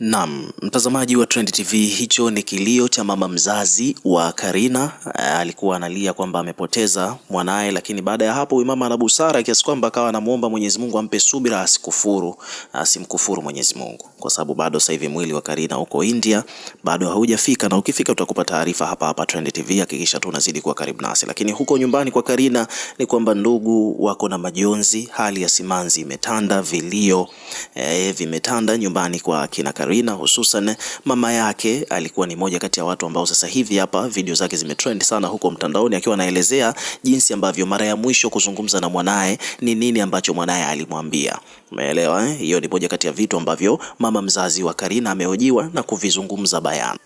Naam, mtazamaji wa Trend TV, hicho ni kilio cha mama mzazi wa Karina. Eh, alikuwa analia kwamba amepoteza mwanaye, lakini baada ya hapo huyu mama ana busara kiasi kwamba akawa anamuomba Mwenyezi Mungu ampe subira, asikufuru, asimkufuru Mwenyezi Mungu, kwa sababu bado sasa hivi mwili wa Karina uko India, bado haujafika, na ukifika utakupa taarifa hapa hapa Trend TV. Hakikisha tu unazidi kuwa karibu nasi. Lakini huko nyumbani kwa Karina ni kwamba ndugu wako na majonzi, hali ya simanzi imetanda, vilio eh, vimetanda nyumbani kwa kina Karina. Karina, hususan mama yake alikuwa ni moja kati ya watu ambao sasa hivi hapa video zake zimetrend sana huko mtandaoni, akiwa anaelezea jinsi ambavyo mara ya mwisho kuzungumza na mwanaye ni nini ambacho mwanaye alimwambia. Umeelewa eh? Hiyo ni moja kati ya vitu ambavyo mama mzazi wa Karina amehojiwa na kuvizungumza bayana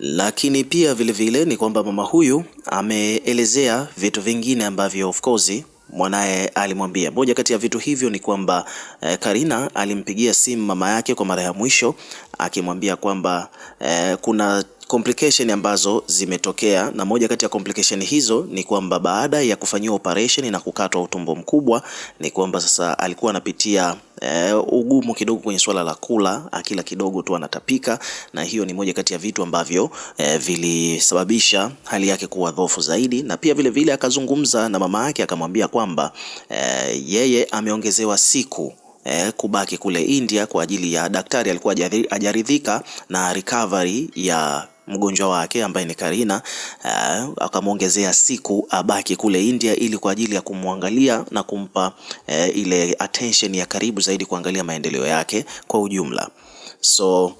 lakini pia vilevile vile ni kwamba mama huyu ameelezea vitu vingine ambavyo of course mwanaye alimwambia. Moja kati ya vitu hivyo ni kwamba eh, Karina alimpigia simu mama yake kwa mara ya mwisho akimwambia kwamba eh, kuna complication ambazo zimetokea, na moja kati ya complication hizo ni kwamba baada ya kufanyiwa operation na kukatwa utumbo mkubwa, ni kwamba sasa alikuwa anapitia e, ugumu kidogo kwenye swala la kula, akila kidogo tu anatapika, na hiyo ni moja kati ya vitu ambavyo e, vilisababisha hali yake kuwa dhofu zaidi, na pia vile vile akazungumza na mama yake akamwambia kwamba e, yeye ameongezewa siku Eh, kubaki kule India kwa ajili ya daktari alikuwa ajaridhika na recovery ya mgonjwa wake ambaye ni Karina eh, akamwongezea siku abaki kule India ili kwa ajili ya kumwangalia na kumpa uh, ile attention ya karibu zaidi kuangalia maendeleo yake kwa ujumla. So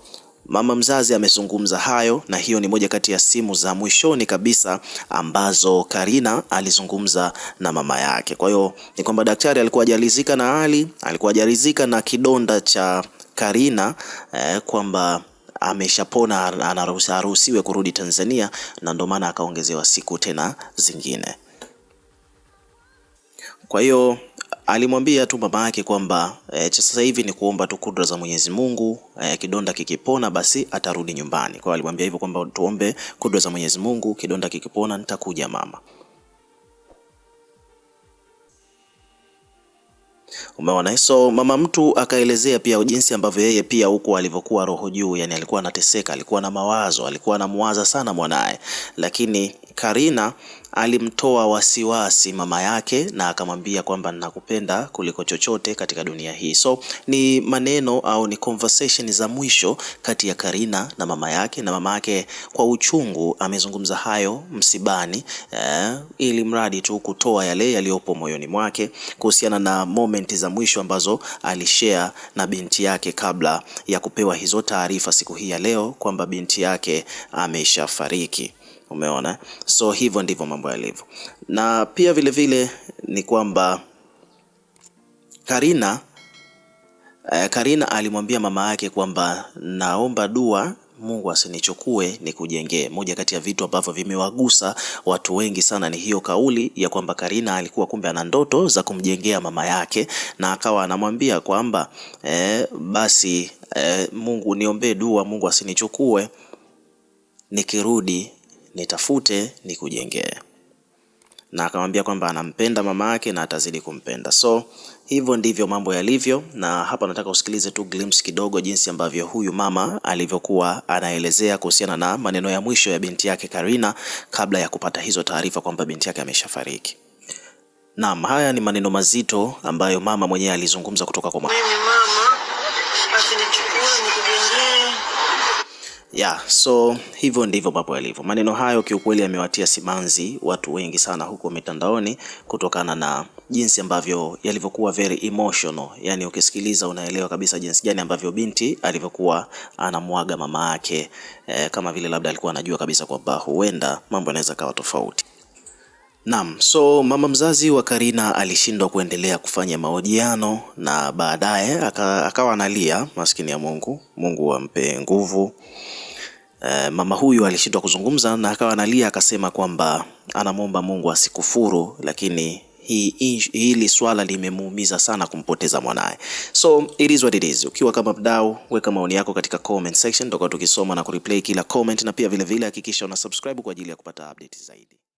mama mzazi amezungumza hayo, na hiyo ni moja kati ya simu za mwishoni kabisa ambazo Karina alizungumza na mama yake. Kwa hiyo ni kwamba daktari alikuwa hajalizika na hali, alikuwa jalizika na kidonda cha Karina eh, kwamba ameshapona, anaruhusiwe kurudi Tanzania, na ndio maana akaongezewa siku tena zingine. Kwa hiyo alimwambia tu mama yake kwamba e, cha sasa hivi ni kuomba tu kudra za Mwenyezi Mungu e, kidonda kikipona basi atarudi nyumbani. Kwa hiyo alimwambia hivyo kwamba tuombe kudra za Mwenyezi Mungu, kidonda kikipona nitakuja mama. Umeona, so mama mtu akaelezea pia jinsi ambavyo yeye pia huko alivyokuwa roho juu, yani alikuwa anateseka, alikuwa na mawazo, alikuwa mwaza sana mwanaye, lakini Karina alimtoa wasiwasi mama yake na akamwambia kwamba nakupenda kuliko chochote katika dunia hii. So ni maneno au ni conversation za mwisho kati ya Karina na mama yake, na mama yake kwa uchungu amezungumza hayo msibani eh, ili mradi tu kutoa yale yaliyopo moyoni mwake kuhusiana na momenti za mwisho ambazo alishare na binti yake kabla ya kupewa hizo taarifa siku hii ya leo kwamba binti yake ameshafariki. Umeona, so hivyo ndivyo mambo yalivyo, na pia vile vile ni kwamba Karina eh, Karina alimwambia mama yake kwamba naomba dua Mungu asinichukue ni kujengee Moja kati ya vitu ambavyo vimewagusa watu wengi sana ni hiyo kauli ya kwamba Karina alikuwa kumbe ana ndoto za kumjengea mama yake, na akawa anamwambia kwamba eh, basi eh, Mungu niombee dua, Mungu asinichukue nikirudi nitafute nikujengee, na akamwambia kwamba anampenda mama yake na atazidi kumpenda. So hivyo ndivyo mambo yalivyo, na hapa nataka usikilize tu glimpse kidogo jinsi ambavyo huyu mama alivyokuwa anaelezea kuhusiana na maneno ya mwisho ya binti yake Karina kabla ya kupata hizo taarifa kwamba binti yake ameshafariki. Naam, haya ni maneno mazito ambayo mama mwenyewe alizungumza kutoka kwa mama. Mimi mama, Yeah, so hivyo ndivyo mambo yalivyo. Maneno hayo kiukweli yamewatia simanzi watu wengi sana huko mitandaoni kutokana na jinsi ambavyo yalivyokuwa very emotional. Yaani ukisikiliza unaelewa kabisa jinsi gani ambavyo binti alivyokuwa anamwaga mama yake e, kama vile labda alikuwa anajua kabisa kwamba huenda mambo yanaweza kawa tofauti. Naam, so mama mzazi wa Karina alishindwa kuendelea kufanya mahojiano na baadaye akawa analia, maskini ya Mungu. Mungu ampe nguvu. Eh, mama huyu alishindwa kuzungumza na akawa analia, akasema kwamba anamwomba Mungu asikufuru, lakini hii hili swala limemuumiza sana kumpoteza mwanaye. So it is what it is. Ukiwa kama mdau, weka maoni yako katika comment section, tutakuwa tukisoma na kureplay kila comment, na pia vilevile hakikisha vile una subscribe kwa ajili ya kupata update zaidi.